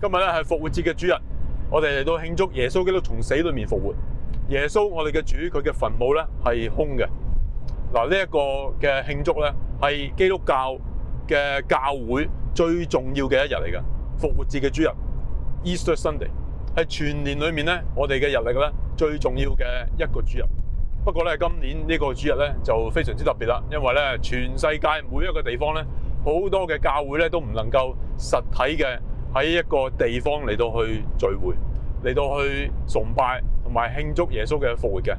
今日咧係復活節嘅主日，我哋嚟到慶祝耶穌基督從死裏面復活。耶穌，我哋嘅主，佢嘅墳墓咧係空嘅嗱。呢一個嘅慶祝咧係基督教嘅教會最重要嘅一日嚟嘅復活節嘅主日 （Easter Sunday） 喺全年裏面咧，我哋嘅日曆咧最重要嘅一個主日。不過咧，今年呢個主日咧就非常之特別啦，因為咧全世界每一個地方咧好多嘅教會咧都唔能夠實體嘅，喺一個地方嚟到去聚會，嚟到去崇拜同埋慶祝耶穌嘅復活嘅。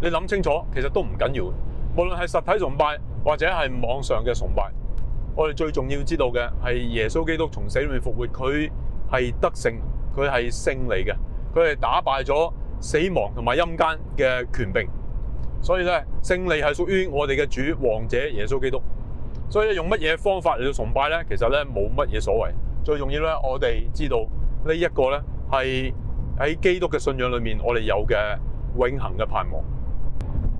你諗清楚，其實都唔緊要。無論係實體崇拜或者係網上嘅崇拜，我哋最重要知道嘅係耶穌基督從死裏面復活，佢係得勝，佢係勝利嘅，佢係打敗咗死亡同埋陰間嘅權柄。所以咧，勝利係屬於我哋嘅主、王者耶穌基督。所以用乜嘢方法嚟到崇拜呢？其實呢，冇乜嘢所謂。最重要咧，我哋知道呢一個咧，係喺基督嘅信仰裏面，我哋有嘅永恆嘅盼望。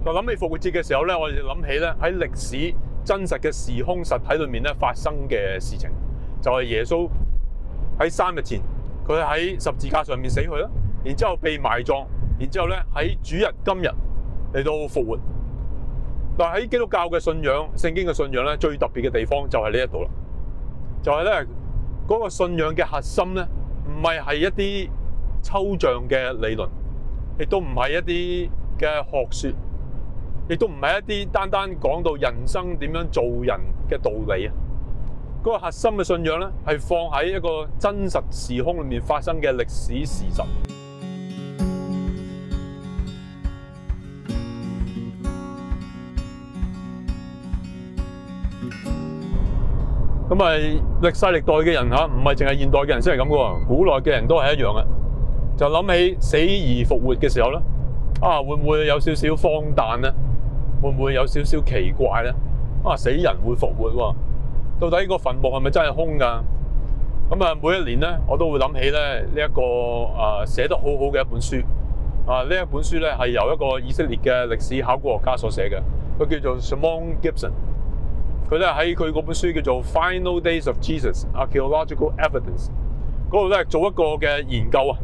嗱，諗起復活節嘅時候咧，我哋就諗起咧喺歷史真實嘅時空實體裏面咧發生嘅事情，就係、是、耶穌喺三日前佢喺十字架上面死去啦，然之後被埋葬，然之後咧喺主日今日嚟到復活。但係喺基督教嘅信仰、聖經嘅信仰咧，最特別嘅地方就係呢一度啦，就係咧。嗰個信仰嘅核心咧，唔係係一啲抽象嘅理論，亦都唔係一啲嘅學說，亦都唔係一啲單單講到人生點樣做人嘅道理啊！嗰個核心嘅信仰咧，係放喺一個真實時空裏面發生嘅歷史事實。咁啊，歷世歷代嘅人吓，唔係淨係現代嘅人先係咁噶喎，古代嘅人都係一樣嘅，就諗起死而復活嘅時候咧，啊，會唔會有少少荒誕咧？會唔會有少少奇怪咧？啊，死人會復活喎，啊？到底呢個墳墓係咪真係空㗎？咁啊，每一年咧，我都會諗起咧呢一、這個啊寫、呃、得好好嘅一本書，啊呢一本書咧係由一個以色列嘅歷史考古學家所寫嘅，佢叫做 Shimon Gibson。佢咧喺佢嗰本書叫做《Final Days of Jesus: Archaeological Evidence》，嗰度咧做一個嘅研究啊，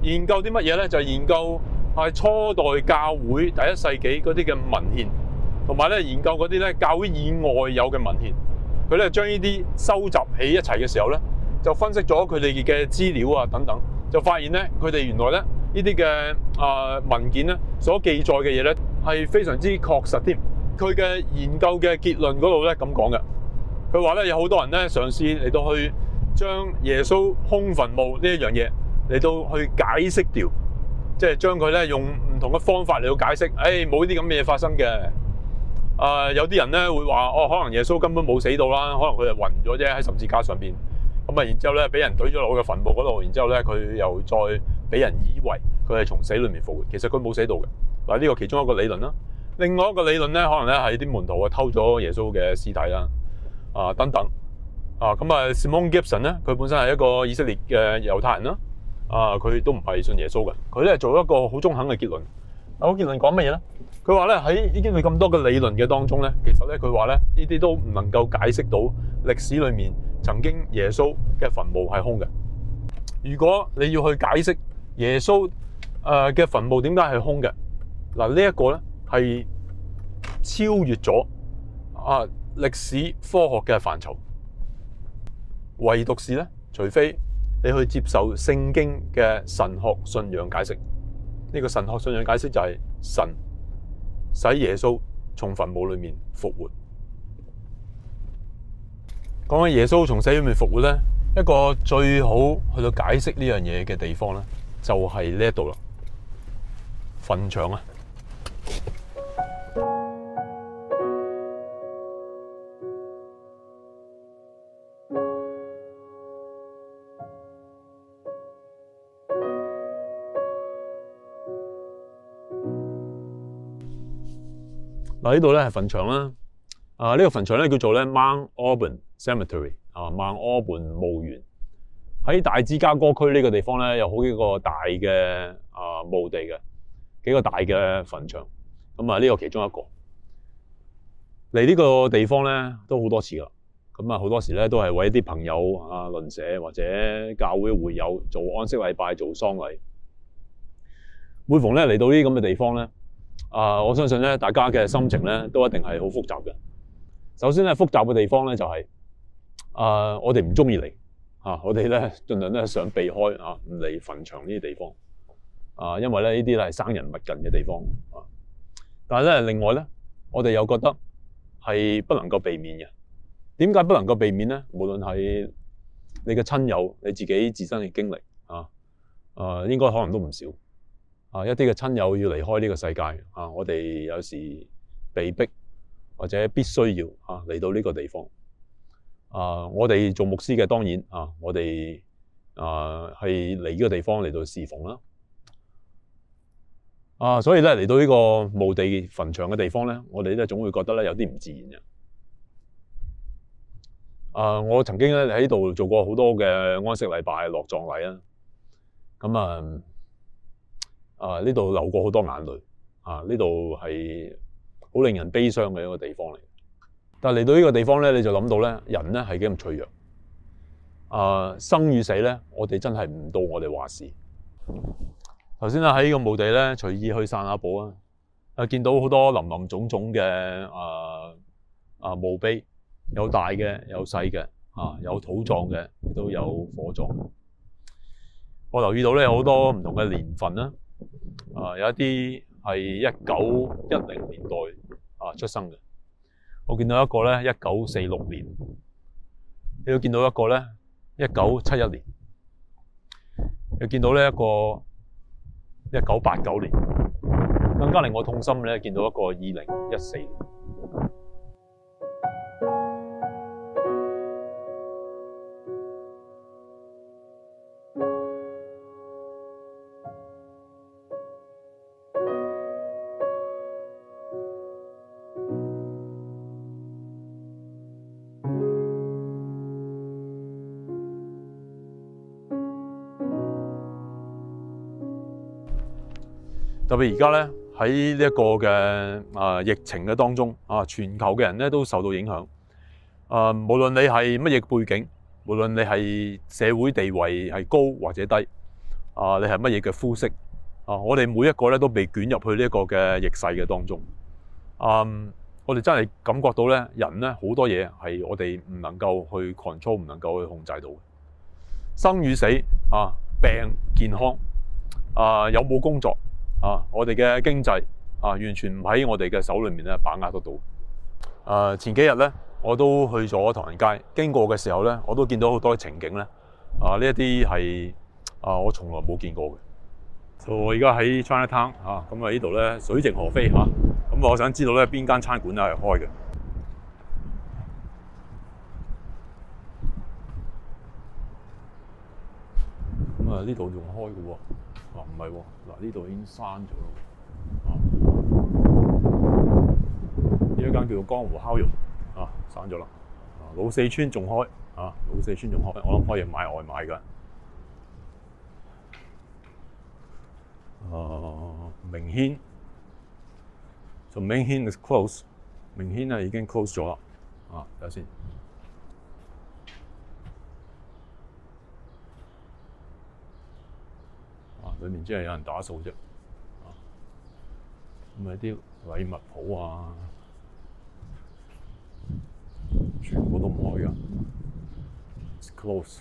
研究啲乜嘢咧？就係研究係初代教會第一世紀嗰啲嘅文獻，同埋咧研究嗰啲咧教會以外有嘅文獻。佢咧將呢啲收集起一齊嘅時候咧，就分析咗佢哋嘅資料啊等等，就發現咧佢哋原來咧呢啲嘅啊文件咧所記載嘅嘢咧係非常之確實添。佢嘅研究嘅結論嗰度咧咁講嘅，佢話咧有好多人咧嘗試嚟到去將耶穌空墳墓呢一樣嘢嚟到去解釋掉，即係將佢咧用唔同嘅方法嚟到解釋，誒冇呢啲咁嘅嘢發生嘅。啊、呃，有啲人咧會話，哦，可能耶穌根本冇死到啦，可能佢係暈咗啫喺十字架上邊，咁啊，然之後咧俾人攤咗落個墳墓嗰度，然之後咧佢又再俾人以為佢係從死裏面復活，其實佢冇死到嘅，嗱、這、呢個其中一個理論啦。另外一個理論咧，可能咧係啲門徒啊偷咗耶穌嘅屍體啦，啊等等，啊咁啊 Simon Gibson 咧，佢本身係一個以色列嘅猶太人啦，啊佢都唔係信耶穌嘅，佢咧做一個好中肯嘅結論。啊，我結論講乜嘢咧？佢話咧喺已經佢咁多嘅理論嘅當中咧，其實咧佢話咧呢啲都唔能夠解釋到歷史裏面曾經耶穌嘅墳墓係空嘅。如果你要去解釋耶穌誒嘅墳墓點解係空嘅，嗱、這個、呢一個咧。係超越咗啊歷史科學嘅範疇，唯獨是咧，除非你去接受聖經嘅神學信仰解釋。呢、這個神學信仰解釋就係神使耶穌從墳墓裏面復活。講緊耶穌從死裏面復活咧，一個最好去到解釋呢樣嘢嘅地方咧，就係呢一度啦，墳場啊。嗱，呢度咧係墳場啦。啊，呢個墳場咧叫做咧 Mount Auburn Cemetery 啊，Mount Auburn 墓園。喺大芝加哥區呢個地方咧，有好幾個大嘅啊墓地嘅，幾個大嘅墳場。咁啊，呢個其中一個嚟，呢個地方咧，都好多次啦。咁啊，好多時咧都係為一啲朋友啊、鄰舍或者教會會友做安息禮拜、做喪禮。每逢咧嚟到呢啲咁嘅地方咧。啊，我相信咧，大家嘅心情咧都一定係好複雜嘅。首先咧，複雜嘅地方咧就係，啊，我哋唔中意嚟，嚇，我哋咧盡量咧想避開啊，唔嚟墳場呢啲地方，啊，因為咧呢啲都係生人勿近嘅地方，啊。但係咧，另外咧，我哋又覺得係不能夠避免嘅。點解不能夠避免咧？無論係你嘅親友，你自己自身嘅經歷，嚇，啊，應該可能都唔少。啊！一啲嘅親友要離開呢個世界，啊！我哋有時被逼或者必須要啊嚟到呢個地方。啊！我哋做牧師嘅當然啊，我哋啊係嚟呢個地方嚟到侍奉啦。啊！所以咧嚟到呢個墓地墳場嘅地方咧，我哋咧總會覺得咧有啲唔自然嘅。啊！我曾經咧喺度做過好多嘅安息禮拜、落葬禮啊。咁啊～呃、啊！呢度流過好多眼淚啊！呢度係好令人悲傷嘅一個地方嚟。但係嚟到呢個地方咧，你就諗到咧，人咧係幾咁脆弱啊！生與死咧，我哋真係唔到我哋話事。頭先咧喺呢個墓地咧，隨意去散下步啊！啊，見到好多林林總總嘅啊啊墓碑，有大嘅，有細嘅啊，有土葬嘅，亦都有火葬。我留意到咧，有好多唔同嘅年份啦。啊，有一啲係一九一零年代啊出生嘅，我見到一個呢，一九四六年，你會見到一個呢，一九七一年，又見到呢一個一九八九年，更加令我痛心嘅呢，見到一個二零一四年。特別而家咧喺呢一個嘅啊疫情嘅當中啊，全球嘅人咧都受到影響。啊，無論你係乜嘢背景，無論你係社會地位係高或者低，啊，你係乜嘢嘅膚色啊，我哋每一個咧都被捲入去呢一個嘅疫勢嘅當中。嗯、啊，我哋真係感覺到咧，人咧好多嘢係我哋唔能夠去 control，唔能夠去控制到生與死啊，病健康啊，有冇工作。啊！我哋嘅經濟啊，完全唔喺我哋嘅手裏面咧，把握得到。誒、啊，前幾日咧，我都去咗唐人街，經過嘅時候咧，我都見到好多情景咧。啊！呢一啲係啊，我從來冇見過嘅。我、so, 而家喺 China Town 嚇、啊，咁啊呢度咧水靜河飛嚇，咁、啊、我想知道咧邊間餐館咧係開嘅。咁啊，呢度仲開嘅喎。啊、不是哦，唔係喎，嗱呢度已經閂咗啦。啊，呢一間叫做江湖烤肉，啊，閂咗啦。老四川仲開，啊老四川仲開，我諗可以買外賣㗎。誒、啊，明軒，就、so, 明軒，is close，明軒咧已經 close 咗啦。啊，睇下先。裏面真係有人打掃啫，咁啊啲禮物鋪啊全部都唔開、啊，close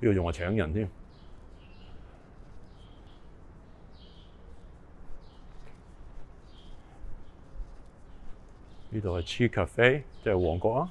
這請呢度仲話請人添，呢度係 Chi Cafe，即係旺角啊！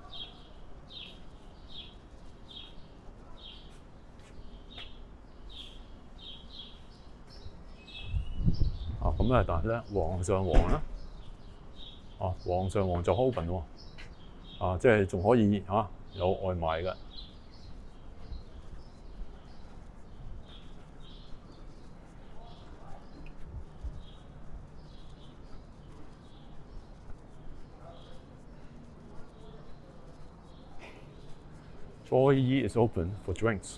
咁但係呢，皇上皇啦，哦、啊，皇上皇就開門喎，啊，即係仲可以啊有外賣嘅，所以是 open for drinks。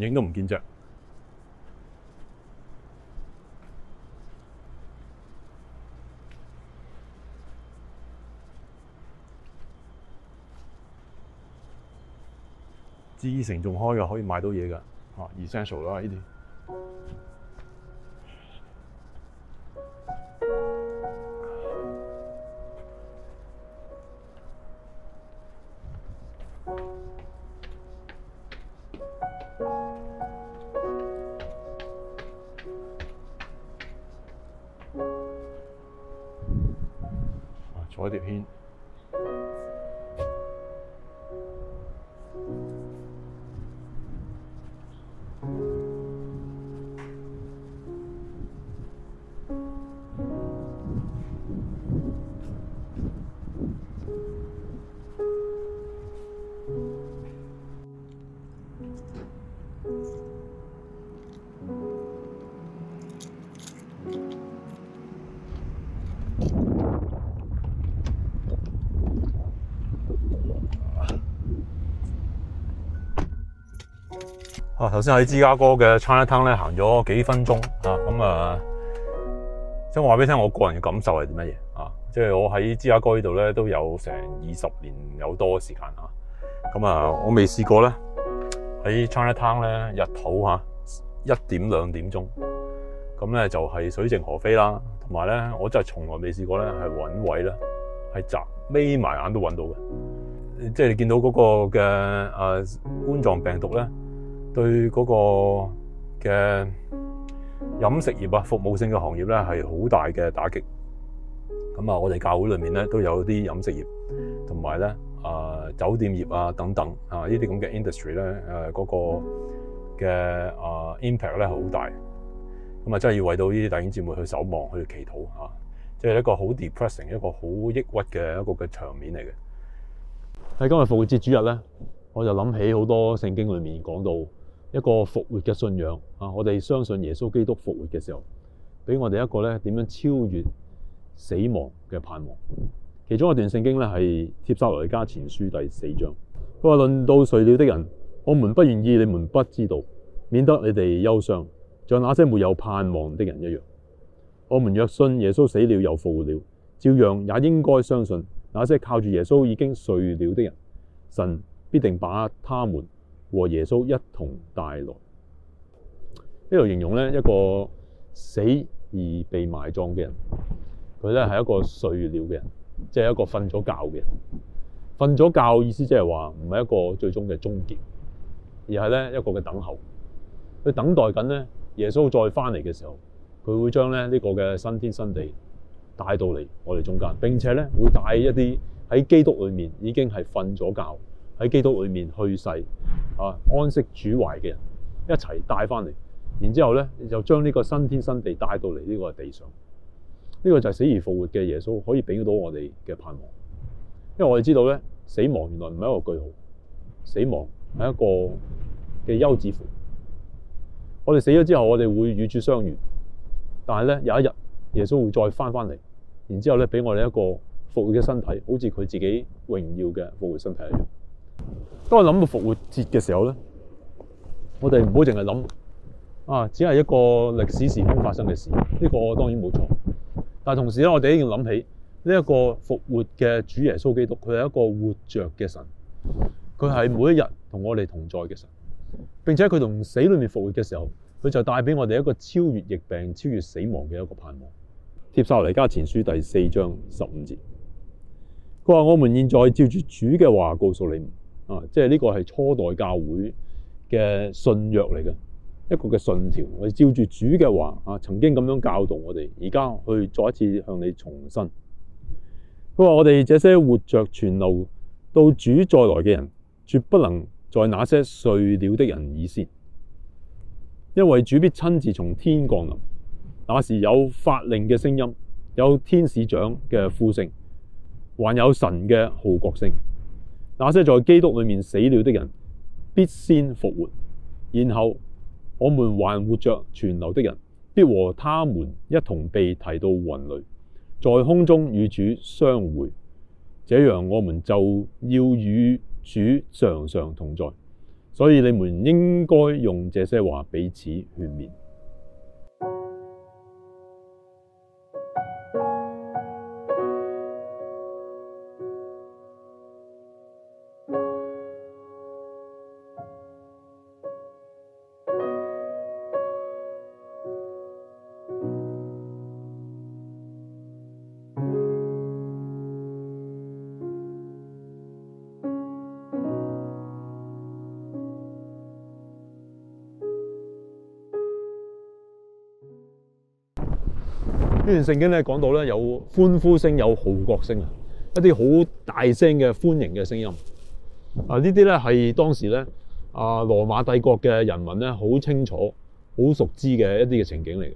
影都唔見著、G，知誠仲開嘅，可以買到嘢嘅，嚇、啊、essential 啦，呢啲。啊！頭先喺芝加哥嘅 China Town 咧，行咗幾分鐘嚇，咁、呃、啊，即係話俾你聽，我個人嘅感受係啲乜嘢啊？即係我喺芝加哥呢度咧，都有成二十年有多時間嚇，咁啊，我未試過咧喺 China Town 咧日頭嚇一點兩點鐘咁咧，就係水靜河飛啦，同埋咧，我真係從來未試過咧係揾位咧係窄，眯埋眼都揾到嘅，即係你見到嗰個嘅啊、呃、冠狀病毒咧。對嗰個嘅飲食業啊、服務性嘅行業咧，係好大嘅打擊。咁啊，我哋教會裏面咧都有啲飲食業同埋咧啊酒店業啊等等啊呢啲咁嘅 industry 咧，誒嗰個嘅啊 impact 咧係好大。咁啊，真係要為到呢啲弟兄姊妹去守望、去祈禱嚇。即係一個好 depressing、一個好抑鬱嘅一個嘅場面嚟嘅。喺今日復活節主日咧，我就諗起好多聖經裏面講到。一個復活嘅信仰啊！我哋相信耶穌基督復活嘅時候，俾我哋一個咧點樣超越死亡嘅盼望。其中一段聖經咧係帖撒羅尼加前書第四章，佢話：論到睡了的人，我們不願意你們不知道，免得你哋憂傷，像那些沒有盼望的人一樣。我們若信耶穌死了又復活了，照樣也應該相信那些靠住耶穌已經睡了的人，神必定把他們。和耶穌一同帶來。呢度形容咧一個死而被埋葬嘅人，佢咧係一個睡了嘅人，即係一個瞓咗覺嘅人。瞓咗覺意思即係話唔係一個最終嘅終結，而係咧一個嘅等候。佢等待緊咧耶穌再翻嚟嘅時候，佢會將咧呢個嘅新天新地帶到嚟我哋中間，並且咧會帶一啲喺基督裏面已經係瞓咗覺。喺基督裏面去世啊，安息主懷嘅人一齊帶翻嚟，然之後咧就將呢個新天新地帶到嚟呢個地上。呢個就係死而復活嘅耶穌可以俾到我哋嘅盼望，因為我哋知道咧死亡原來唔係一個句號，死亡係一個嘅休止符。我哋死咗之後，我哋會與主相遇，但係咧有一日耶穌會再翻翻嚟，然之後咧俾我哋一個復活嘅身體，好似佢自己榮耀嘅復活身體一樣。當我諗到復活節嘅時候咧，我哋唔好淨係諗啊，只係一個歷史時空發生嘅事，呢個當然冇錯。但同時咧，我哋一定要諗起呢一個復活嘅主耶穌基督，佢係一個活着嘅神，佢係每一日同我哋同在嘅神，並且佢同死裏面復活嘅時候，佢就帶俾我哋一個超越疫病、超越死亡嘅一個盼望。帖撒羅尼迦前書第四章十五節，佢話：我們現在照住主嘅話，告訴你啊，即係呢個係初代教會嘅信約嚟嘅一個嘅信條，我哋照住主嘅話啊，曾經咁樣教導我哋，而家去再一次向你重申。佢話，我哋這些活着存留到主再來嘅人，絕不能在那些碎了的人以先，因為主必親自從天降臨，那時有法令嘅聲音，有天使長嘅呼聲，還有神嘅號角聲。那些在基督裡面死了的人，必先復活；然後我們還活着存留的人，必和他們一同被提到雲裡，在空中與主相會。這樣我們就要與主常常同在。所以你們應該用這些話彼此勸勉。聖經咧講到咧有歡呼聲，有號角聲啊，一啲好大聲嘅歡迎嘅聲音啊。呢啲咧係當時咧啊，羅馬帝國嘅人民咧好清楚、好熟知嘅一啲嘅情景嚟嘅。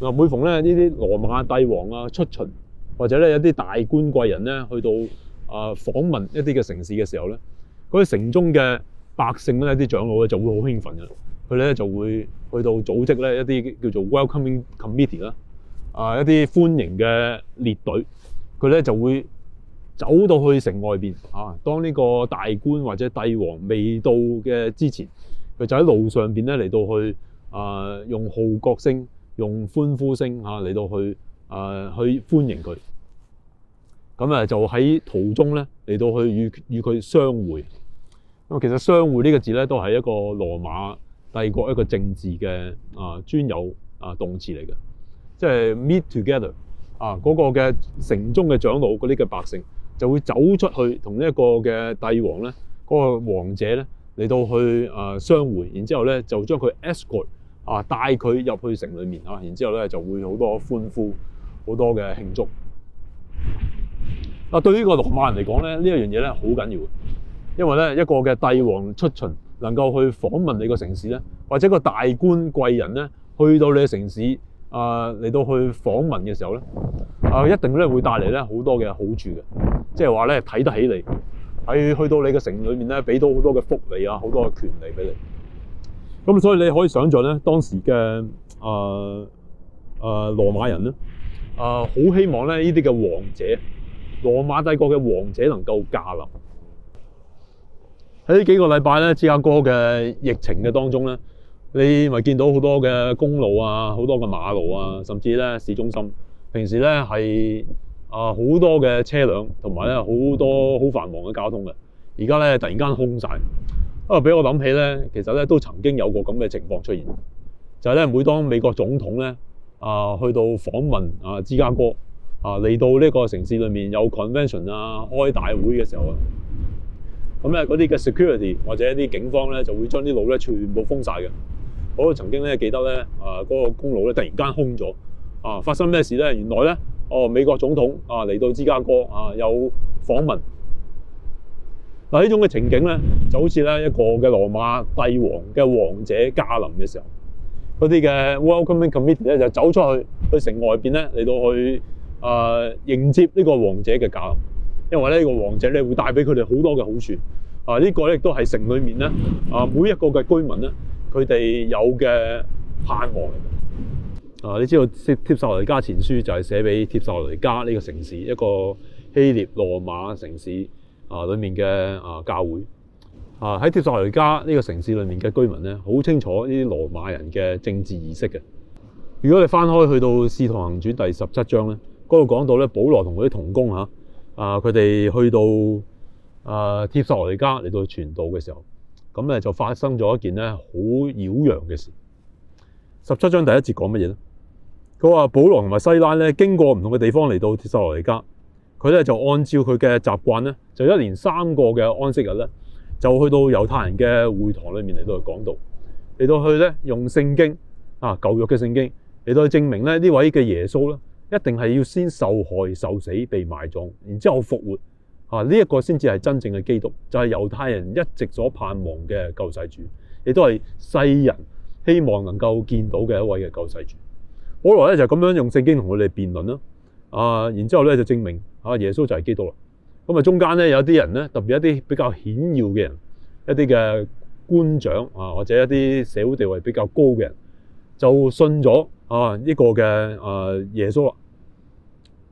嗱、啊，每逢咧呢啲羅馬帝王啊出巡，或者咧一啲大官貴人咧去到啊訪問一啲嘅城市嘅時候咧，嗰啲城中嘅百姓咧、啲長老咧就會好興奮嘅，佢咧就會去到組織咧一啲叫做 Welcoming Committee 啦。啊！一啲歡迎嘅列隊，佢咧就會走到去城外邊啊。當呢個大官或者帝王未到嘅之前，佢就喺路上邊咧嚟到去啊，用號角聲、用歡呼聲啊嚟到去啊去歡迎佢。咁啊，就喺途中咧嚟到去與與佢相會。咁啊，其實相會呢個字咧都係一個羅馬帝國一個政治嘅啊專有啊動詞嚟嘅。即係 meet together 啊！嗰個嘅城中嘅長老，嗰啲嘅百姓就會走出去，同呢一個嘅帝王咧，嗰個王者咧嚟到去啊相會，然之後咧就將佢 escort 啊帶佢入去城裡面啊。然之後咧就會好多歡呼，好多嘅慶祝啊。對於呢個羅馬人嚟講咧，呢一樣嘢咧好緊要，因為咧一個嘅帝王出巡能夠去訪問你個城市咧，或者個大官貴人咧去到你嘅城市。啊，嚟到去訪問嘅時候咧，啊一定咧會帶嚟咧好多嘅好處嘅，即係話咧睇得起你，喺去到你嘅城裏面咧，俾到好多嘅福利啊，好多嘅權利俾你。咁所以你可以想像咧，當時嘅啊啊羅馬人咧，啊好希望咧呢啲嘅王者，羅馬帝國嘅王者能夠駕臨。喺呢幾個禮拜咧，芝加哥嘅疫情嘅當中咧。你咪見到好多嘅公路啊，好多嘅馬路啊，甚至咧市中心平時咧係啊好多嘅車輛，同埋咧好多好繁忙嘅交通嘅。而家咧突然間空晒啊，不過，俾我諗起咧，其實咧都曾經有過咁嘅情況出現，就係咧每當美國總統咧啊去到訪問啊芝加哥啊嚟到呢個城市裏面有 convention 啊開大會嘅時候啊，咁咧嗰啲嘅 security 或者一啲警方咧就會將啲路咧全部封晒嘅。我都曾經咧記得咧，啊嗰個公路咧突然間空咗，啊發生咩事咧？原來咧，哦美國總統啊嚟到芝加哥啊有訪問。嗱呢種嘅情景咧，就好似咧一個嘅羅馬帝王嘅王者駕臨嘅時候，嗰啲嘅 Welcoming Committee 咧就走出去去城外邊咧嚟到去啊迎接呢個王者嘅駕臨，因為咧呢個王者咧會帶俾佢哋好多嘅好處。啊、這、呢個咧亦都係城裡面咧啊每一個嘅居民咧。佢哋有嘅盼望啊！你知道《帖帖撒羅尼迦前書》就係寫俾帖撒羅尼迦呢個城市，一個希臘羅馬城市啊，裏面嘅啊教會啊喺帖撒羅尼迦呢個城市裏面嘅居民咧，好清楚呢啲羅馬人嘅政治意識嘅。如果你翻開去到《使徒行傳》第十七章咧，嗰度講到咧，保羅他同佢啲同工嚇啊，佢哋去到啊帖撒羅尼迦嚟到傳道嘅時候。咁咧就發生咗一件咧好擾攘嘅事。十七章第一節講乜嘢咧？佢話保羅同埋西拉咧經過唔同嘅地方嚟到帖撒羅尼迦，佢咧就按照佢嘅習慣咧，就一連三個嘅安息日咧，就去到猶太人嘅會堂裏面嚟到去講道，嚟到去咧用聖經啊舊約嘅聖經嚟到去證明咧呢位嘅耶穌咧一定係要先受害受死被埋葬，然之後復活。啊！呢一個先至係真正嘅基督，就係猶太人一直所盼望嘅救世主，亦都係世人希望能夠見到嘅一位嘅救世主。保羅咧就咁樣用聖經同佢哋辯論啦。啊，然之後咧就證明啊，耶穌就係基督啦。咁啊，中間咧有一啲人咧，特別一啲比較顯要嘅人，一啲嘅官長啊，或者一啲社會地位比較高嘅人，就信咗啊呢個嘅啊耶穌啦。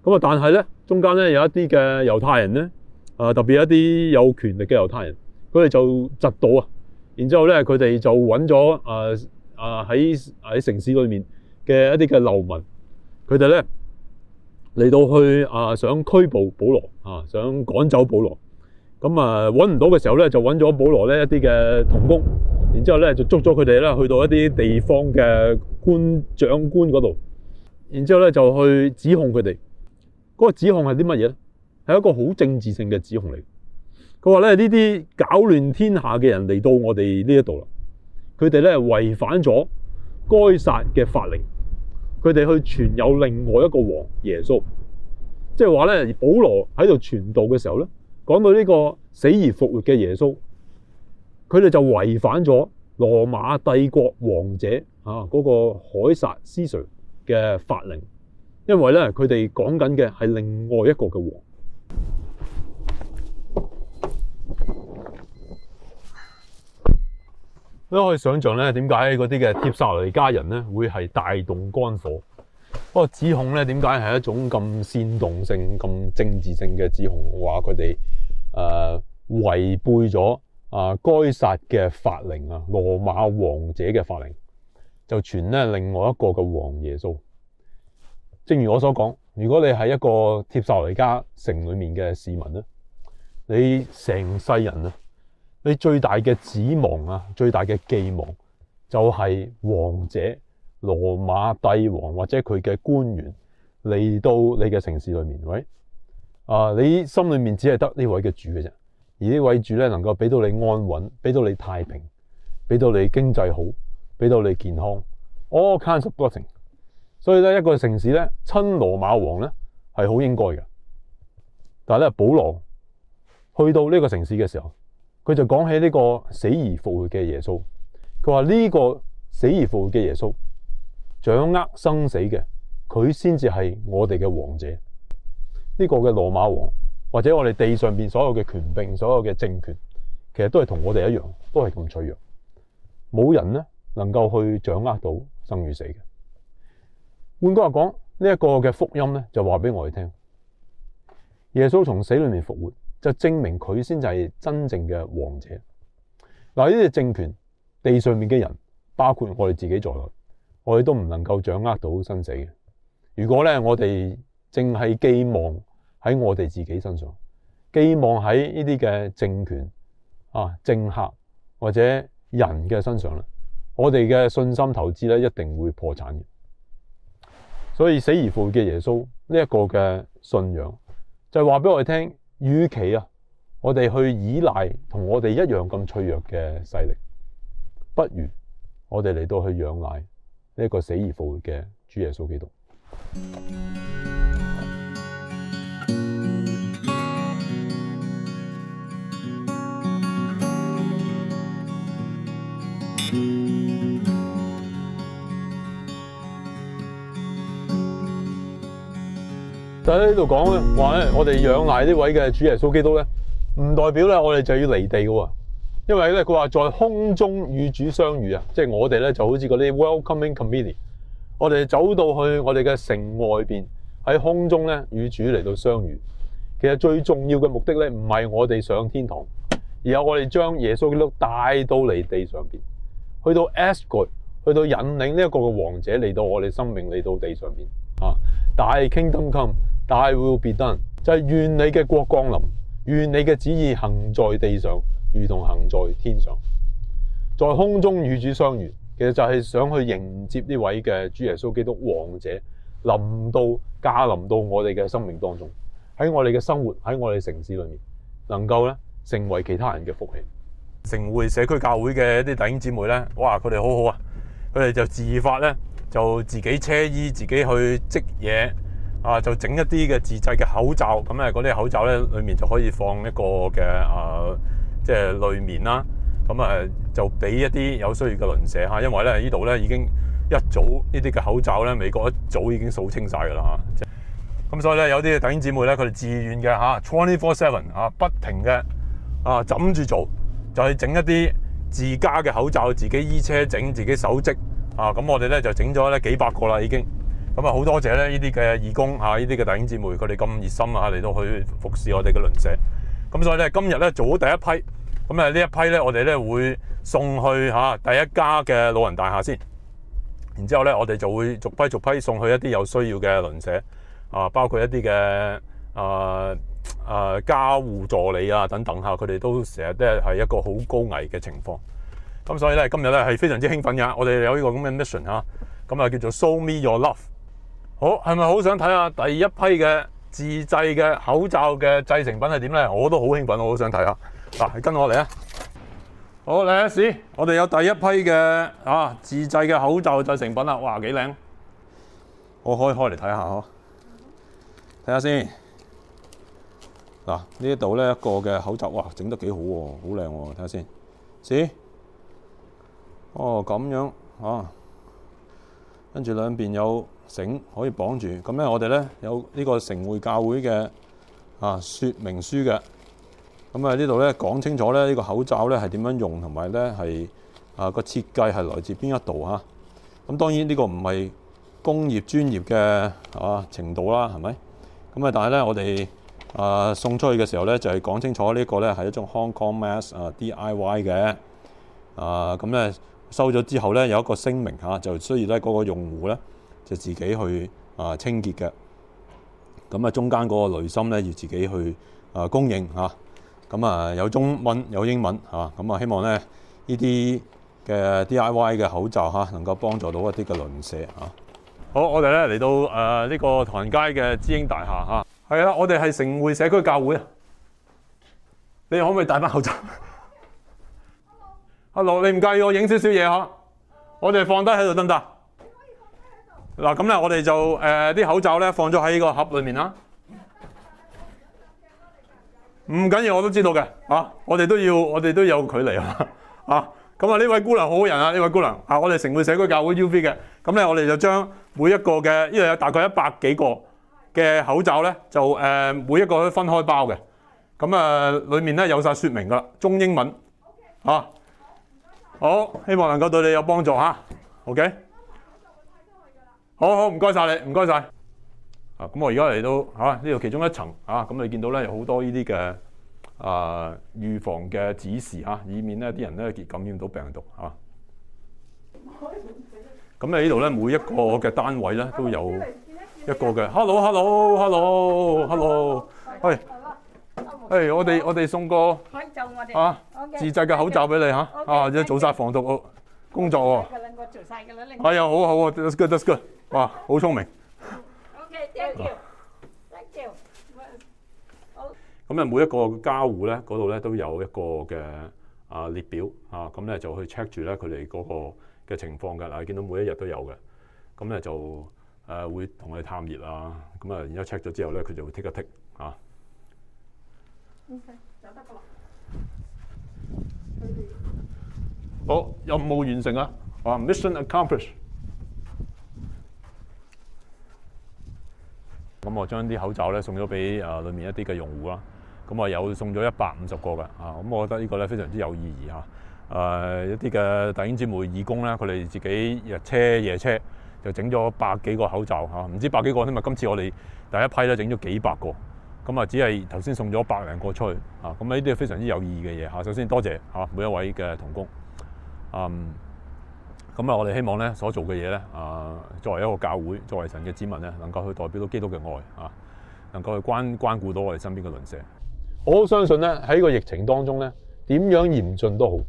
咁啊，但係咧中間咧有一啲嘅猶太人咧。啊！特別一啲有權力嘅猶太人，佢哋就窒到啊！然之後咧，佢哋就揾咗啊啊喺喺城市裏面嘅一啲嘅流民，佢哋咧嚟到去啊想拘捕保羅啊，想趕走保羅。咁啊揾唔到嘅時候咧，就揾咗保羅咧一啲嘅同工，然之後咧就捉咗佢哋啦，去到一啲地方嘅官長官嗰度，然之後咧就去指控佢哋。嗰個指控係啲乜嘢咧？係一個好政治性嘅指控嚟。佢話咧，呢啲搞亂天下嘅人嚟到我哋呢一度啦，佢哋咧違反咗該撒嘅法令。佢哋去傳有另外一個王耶穌，即係話咧保羅喺度傳道嘅時候咧，講到呢個死而復活嘅耶穌，佢哋就違反咗羅馬帝國王者啊嗰、那個凱撒思常嘅法令，因為咧佢哋講緊嘅係另外一個嘅王。都可以想象咧，點解嗰啲嘅帖撒羅尼迦人咧，會係大動肝火？不過指控咧，點解係一種咁煽動性、咁政治性嘅指控他們，話佢哋誒違背咗啊該殺嘅法令啊，羅馬王者嘅法令，就傳咧另外一個嘅王耶穌。正如我所講。如果你係一個帖撒羅尼迦城裡面嘅市民，你成世人啊，你最大嘅指望啊，最大嘅寄望就係、是、王者羅馬帝王，或者佢嘅官員嚟到你嘅城市裡面啊，right? 你心裏面只係得呢位嘅主嘅啫，而呢位主呢，能夠俾到你安穩，俾到你太平，俾到你經濟好，俾到你健康。All kinds of blessings. 所以咧，一個城市咧，親羅馬王咧係好應該嘅。但係咧，保羅去到呢個城市嘅時候，佢就講起呢個死而復活嘅耶穌。佢話呢個死而復活嘅耶穌掌握生死嘅，佢先至係我哋嘅王者。呢、這個嘅羅馬王或者我哋地上邊所有嘅權柄、所有嘅政權，其實都係同我哋一樣，都係咁脆弱。冇人咧能夠去掌握到生與死嘅。換句話講，呢一個嘅福音就話俾我哋聽，耶穌從死裏面復活，就證明佢先至係真正嘅王者。嗱，呢啲政權地上面嘅人，包括我哋自己在內，我哋都唔能夠掌握到生死嘅。如果呢，我哋淨係寄望喺我哋自己身上，寄望喺呢啲嘅政權啊、政客或者人嘅身上，我哋嘅信心投資一定會破產嘅。所以死而復活嘅耶穌，呢一個嘅信仰就是告訴，就係話俾我哋聽，與其啊，我哋去依賴同我哋一樣咁脆弱嘅勢力，不如我哋嚟到去仰賴呢一個死而復活嘅主耶穌基督。但喺呢度講咧，話咧我哋仰賴呢位嘅主耶穌基督咧，唔代表咧我哋就要離地嘅，因為咧佢話在空中與主相遇啊，即係我哋咧就好似嗰啲 welcoming committee，我哋走到去我哋嘅城外邊，喺空中咧與主嚟到相遇。其實最重要嘅目的咧，唔係我哋上天堂，而係我哋將耶穌基督帶到嚟地上邊，去到 escort，去到引領呢一個嘅王者嚟到我哋生命嚟到地上邊啊，大 kingdom come。大會會變燈，done，就係願你嘅國降臨，願你嘅旨意行在地上，如同行在天上。在空中與主相遇，其實就係想去迎接呢位嘅主耶穌基督王者，臨到駕臨到我哋嘅生命當中，喺我哋嘅生活，喺我哋城市裏面，能夠咧成為其他人嘅福氣。城滙社區教會嘅一啲弟兄姊妹咧，哇佢哋好好啊，佢哋就自發咧就自己車衣，自己去織嘢。啊，就整一啲嘅自製嘅口罩，咁咧嗰啲口罩咧，裏面就可以放一個嘅啊，即係濾棉啦。咁啊，就俾、是啊、一啲有需要嘅鄰舍、啊。因為咧呢度咧已經一早呢啲嘅口罩咧，美國一早已經掃清晒噶啦吓。咁、啊、所以咧，有啲弟兄姊妹咧，佢哋自願嘅吓，twenty four seven 啊，不停嘅啊，枕住做，就係整一啲自家嘅口罩，自己衣車整，自己手織啊。咁我哋咧就整咗咧幾百個啦，已經。咁啊，好多謝咧！呢啲嘅義工嚇，呢啲嘅弟兄姊妹，佢哋咁熱心啊，嚟到去服侍我哋嘅鄰舍。咁所以咧，今日咧做咗第一批，咁啊呢一批咧，我哋咧會送去嚇第一家嘅老人大廈先。然之後咧，我哋就會逐批逐批送去一啲有需要嘅鄰舍啊，包括一啲嘅啊啊家護助理啊等等嚇，佢哋都成日都係一個好高危嘅情況。咁所以咧，今日咧係非常之興奮嘅，我哋有呢個咁嘅 mission 嚇，咁啊叫做 Show me your love。好，係咪好想睇下第一批嘅自製嘅口罩嘅製成品係點呢？我都好興奮，我好想睇下。嗱、啊，跟我嚟啊！好，嚟啊！史，我哋有第一批嘅啊自製嘅口罩製成品啦。哇，幾靚！我開開嚟睇下呵，睇、啊、下先。嗱、啊，這裡呢度呢一個嘅口罩，哇，整得幾好、啊，好靚喎！睇下先，史。哦、啊，咁樣，吓、啊，跟住兩邊有。繩可以綁住，咁咧我哋咧有呢個城滙教會嘅啊說明書嘅，咁啊呢度咧講清楚咧呢個口罩咧係點樣用，同埋咧係啊個設計係來自邊一度啊？咁當然呢個唔係工業專業嘅啊程度啦，係咪？咁啊但係咧我哋啊送出去嘅時候咧就係、是、講清楚這個呢個咧係一種 Hong Kong Mask 啊 DIY 嘅。啊咁咧收咗之後咧有一個聲明嚇、啊，就需要咧嗰、那個用戶咧。就自己去啊清潔嘅，咁啊中間嗰個濾芯咧要自己去啊供應嚇，咁啊有中文有英文嚇，咁啊希望咧呢啲嘅 DIY 嘅口罩嚇能夠幫助到一啲嘅鄰舍。好，我哋咧嚟到誒呢個唐街嘅知英大廈吓，係啊，我哋係城滙社區教會啊。你可唔可以戴翻口罩？Hello.Hello，你唔介意我影少少嘢嚇？Hello. 我哋放低喺度得唔得？嗱，咁咧我哋就誒啲、呃、口罩咧放咗喺個盒裏面啦。唔緊要，我都知道嘅、嗯、啊。我哋都要，我哋都有距離啊。啊，咁啊呢位姑娘好好人啊，呢位姑娘啊，我哋城滙社區教會 U V 嘅。咁咧我哋就將每一個嘅呢度有大概一百幾個嘅口罩咧，就誒、呃、每一個都分開包嘅。咁啊的，裏面咧有晒説明噶啦，中英文、嗯、啊。嗯嗯、好，希望能夠對你有幫助嚇、啊。OK。好好唔該晒你，唔該晒。啊，咁我而家嚟到吓呢度其中一層啊，咁你見到咧有好多呢啲嘅啊預防嘅指示啊，以免咧啲人咧感染到病毒啊。咁咧呢度咧每一個嘅單位咧都有一個嘅。Hello，Hello，Hello，Hello。喂 hello, hello, hello, hello，誒，我哋我哋送個吓、啊、自製嘅口罩俾你吓，啊，要、okay, okay, okay 啊、做晒防毒工作喎、啊。哎呀，好好啊，得得得。哇，好聰明！OK，thank you！咁啊，每一個家戶咧，嗰度咧都有一個嘅啊列表啊，咁咧就去 check 住咧佢哋嗰個嘅情況嘅嗱、啊，見到每一日都有嘅，咁咧就誒、啊、會同佢探熱啊，咁啊，然之後 check 咗之後咧，佢就會 tick 一 tick OK，得個啦。們好，任務完成啊！啊、uh，mission accomplished。咁我將啲口罩咧送咗俾誒裏面一啲嘅用戶啦，咁啊有送咗一百五十個嘅，啊，咁我覺得呢個咧非常之有意義吓，誒一啲嘅大英姊妹義工咧，佢哋自己日車夜車就整咗百幾個口罩吓，唔知百幾個添啊，今次我哋第一批咧整咗幾百個，咁啊只係頭先送咗百零個出去，啊，咁呢啲非常之有意義嘅嘢吓，首先多謝吓每一位嘅同工，嗯。咁啊！我哋希望咧，所做嘅嘢咧，啊，作為一個教會，作為神嘅子民咧，能夠去代表到基督嘅愛，啊，能夠去關關顧到我哋身邊嘅鄰舍。我相信咧，喺個疫情當中咧，點樣嚴峻都好，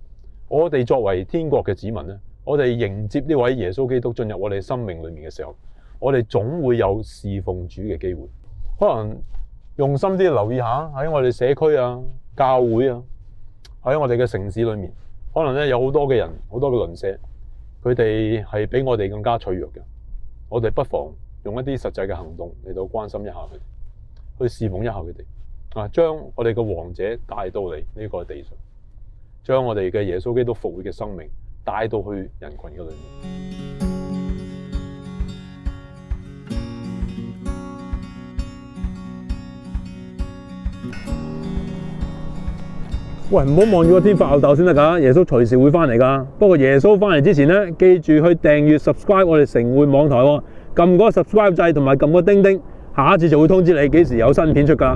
我哋作為天國嘅子民咧，我哋迎接呢位耶穌基督進入我哋生命裏面嘅時候，我哋總會有侍奉主嘅機會，可能用心啲留意下喺我哋社區啊、教會啊，喺我哋嘅城市裏面，可能咧有好多嘅人、好多嘅鄰舍。佢哋係比我哋更加脆弱嘅，我哋不妨用一啲實際嘅行動嚟到關心一下佢哋，去侍奉一下佢哋，啊，將我哋嘅王者帶到嚟呢個地上，將我哋嘅耶穌基督復活嘅生命帶到去人群嘅裏面。喂，唔好望住個天發吽斗先得噶，耶穌隨時會翻嚟噶。不過耶穌翻嚟之前呢，記住去訂閱 subscribe 我哋城滙網台，撳個 subscribe 掣同埋撳個叮叮，下一次就會通知你幾時有新片出噶。